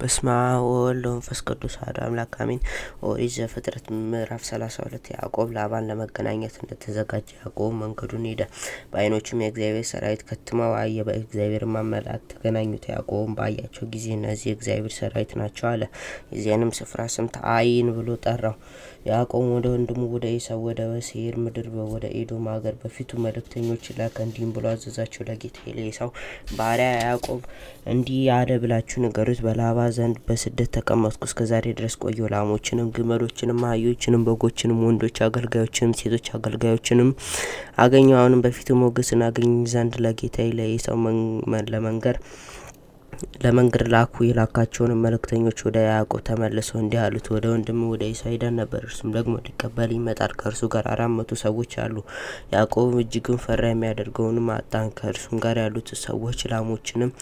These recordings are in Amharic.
በስመ አብ ወወልድ ወመንፈስ ቅዱስ አሐዱ አምላክ አሜን። ኦሪት ዘፍጥረት ምዕራፍ ሰላሳ ሁለት ያዕቆብ ላባን ለመገናኘት እንደተዘጋጀ ያዕቆብ መንገዱን ሄደ። በዓይኖቹም የእግዚአብሔር ሰራዊት ከትመው አየ። በእግዚአብሔር መላእክት ተገናኙት። ያዕቆብም ባያቸው ጊዜ እነዚህ የእግዚአብሔር ሰራዊት ናቸው አለ። የዚያንም ስፍራ ስም ተአይን ብሎ ጠራው። ያዕቆብ ወደ ወንድሙ ወደ ኤሳው ወደ ሴይር ምድር ወደ ኤዶም አገር በፊቱ መልእክተኞች ላከ። እንዲህም ብሎ አዘዛቸው። ለጌታ ለኤሳው ባሪያ ያዕቆብ እንዲህ አለ ብላችሁ ንገሩት በላባ ዘንድ በስደት ተቀመጥኩ። እስከ ዛሬ ድረስ ቆየ ላሞችንም፣ ግመሎችንም፣ አህዮችንም፣ በጎችንም፣ ወንዶች አገልጋዮችንም፣ ሴቶች አገልጋዮችንም አገኘው አሁንም በፊቱ ሞገስን አገኝ ዘንድ ለጌታዬ ለዔሳው ለመንገር ለመንገድ ላኩ። የላካቸውንም መልእክተኞች ወደ ያዕቆብ ተመልሰው እንዲህ አሉት፣ ወደ ወንድም ወደ ኤሳው ሄደን ነበር፣ እርሱም ደግሞ ሊቀበል ይመጣል፣ ከእርሱ ጋር አራት መቶ ሰዎች አሉ። ያዕቆብም እጅግን ፈራ፣ የሚያደርገውንም አጣን። ከእርሱም ጋር ያሉት ሰዎች ላሞችንም፣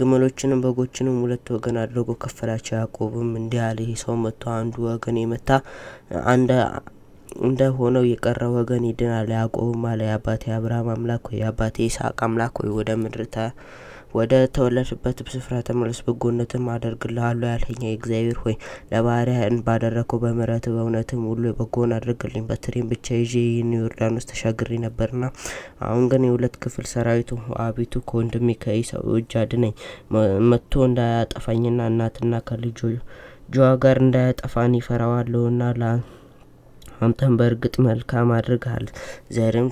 ግመሎችንም፣ በጎችንም ሁለት ወገን አድርጎ ከፈላቸው። ያዕቆብም እንዲህ አለ፣ ይህ ሰው መጥቶ አንዱ ወገን የመታ አንድ እንደሆነው የቀረ ወገን ይድናል። ያዕቆብም አለ፣ የአባቴ አብርሃም አምላክ ሆይ፣ የአባቴ ይስሐቅ አምላክ ሆይ ወደ ምድር ወደ ተወለድበት ስፍራ ተመለስ፣ በጎነትም አደርግልሃለሁ ያልኸኝ እግዚአብሔር ሆይ ለባሪያህ ባደረግከው በምሕረት በእውነትም ሁሉ በጎን አድርግልኝ። በትሬን ብቻ ይዤ ይህን ዮርዳኖስ ተሻግሬ ነበርና፣ አሁን ግን የሁለት ክፍል ሰራዊቱ አቤቱ ከወንድሜ ከዔሳው እጅ አድነኝ፣ መጥቶ እንዳያጠፋኝና እናትና ከልጆ ከልጆቿ ጋር እንዳያጠፋን ይፈራዋለሁና አንተም በእርግጥ መልካም አድርገሃል። ዘርም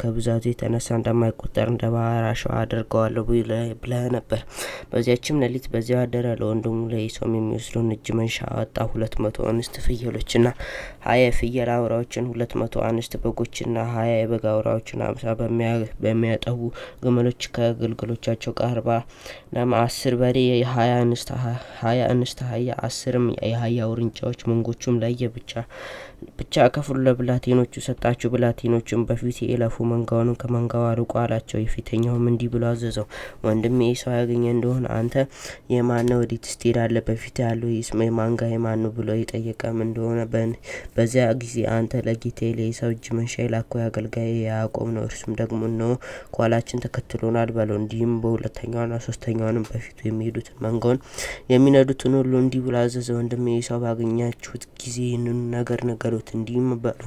ከብዛቱ የተነሳ እንደማይቆጠር እንደ ባህር አሸዋ አድርገዋለሁ ብለህ ነበር። በዚያችም ሌሊት በዚያ አደረ። ለወንድሙ ለኢሶም የሚወስደውን እጅ መንሻ አወጣ። ሁለት መቶ አንስት ፍየሎችና ሀያ የፍየል አውራዎችን፣ ሁለት መቶ አንስት በጎችና ሀያ የበጋ አውራዎችን፣ አምሳ በሚያጠቡ ግመሎች ከግልግሎቻቸው ቀርባ ለም አስር በሬ የሀያ አንስት ሀያ አስርም የሀያ ውርንጫዎች መንጎቹም ለየ ብቻ ብቻ ከፍሉ ለብላቴኖቹ ሰጣችሁ። ብላቴኖቹም በፊት የእለፉ መንጋውንም ከመንጋው አርቆ አላቸው። የፊተኛውም እንዲህ ብሎ አዘዘው፣ ወንድም ሰው ያገኘ እንደሆነ አንተ የማን ነው? ወዴት ስትሄዳለ? በፊት ያለው የማንጋ የማን ነው ብሎ የጠየቀም እንደሆነ በዚያ ጊዜ አንተ ለጌታዬ ለኤሳው እጅ መንሻ የላከው አገልጋይ ያዕቆብ ነው፣ እርሱም ደግሞ እነሆ ኳላችን ተከትሎናል በለው። እንዲህም በሁለተኛውና ሶስተኛውንም በፊቱ የሚሄዱትን መንጋውን የሚነዱትን ሁሉ እንዲህ ብሎ አዘዘ፣ ወንድም ሰው ባገኛችሁት ጊዜ ይህንኑ ነገር ንገሩት እንዲህም አሉ፣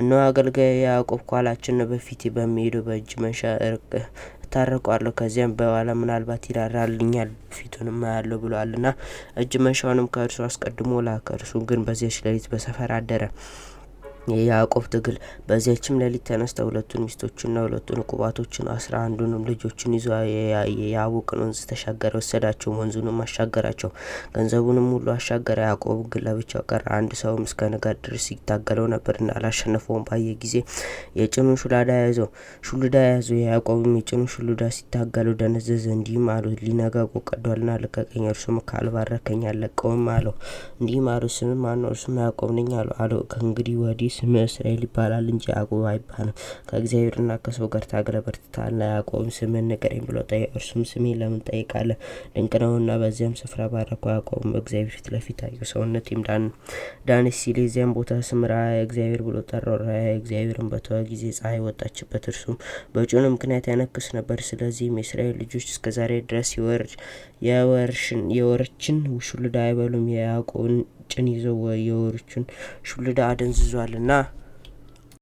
እነሆ አገልጋዬ ያዕቆብ ከኋላችን በፊቴ በሚሄደው በእጅ መንሻ እታረቀዋለሁ ከዚያም በኋላ ምናልባት ይራራልኛል ፊቱንም አያለሁ ብሏልና እጅ መንሻውንም ከእርሱ አስቀድሞ ላከ። እርሱ ግን በዚያች ሌሊት በሰፈር አደረ። የያዕቆብ ትግል። በዚያችም ሌሊት ተነስተ ሁለቱን ሚስቶችና ሁለቱን ቁባቶችን አስራ አንዱንም ልጆችን ይዞ የያቦቅን ወንዝ ተሻገረ፣ ወሰዳቸውም፣ ወንዙንም አሻገራቸው፣ ገንዘቡንም ሁሉ አሻገረ። ያዕቆብ ግን ለብቻው ቀረ። አንድ ሰውም እስከ ንጋት ድረስ ይታገለው ነበርና አላሸነፈውም። ባየ ጊዜ የጭኑን ሹላዳ ያዘው ሹሉዳ ያዘው። የያዕቆብም የጭኑን ሹሉዳ ሲታገለው ደነዘዘ። እንዲህም አሉት፣ ሊነጋ ቆቀዷልና ልቀቀኝ። እርሱም ካልባረከኝ አለቀውም አለው። እንዲህም አሉት፣ ስምም ማን እርሱም ያዕቆብ ነኝ አለው። ከእንግዲህ ወዲህ ስም እስራኤል ይባላል እንጂ ያዕቆብ አይባልም። ከእግዚአብሔርና ከሰው ጋር ታግለህ በርትተሃልና ያዕቆብ ስምህን ንገረኝ ብሎ ጠየቀው። እርሱም ስሜን ለምን ጠይቃለ? ድንቅ ነውና በዚያም ስፍራ ባረኩ። ያዕቆብ እግዚአብሔር ፊት ለፊት አየው፣ ሰውነቴም ዳን ሲል የዚያም ቦታ ስም ራእየ እግዚአብሔር ብሎ ጠራው። ራእየ እግዚአብሔርን በተወ ጊዜ ፀሐይ ወጣችበት፣ እርሱም በጩን ምክንያት ያነክስ ነበር። ስለዚህም የእስራኤል ልጆች እስከዛሬ ድረስ የወርችን ውሹልዳ አይበሉም የያዕቆብን ጭን ይዞ የወሮቹን ሹልዳ አደንዝዟል አደንዝዟልና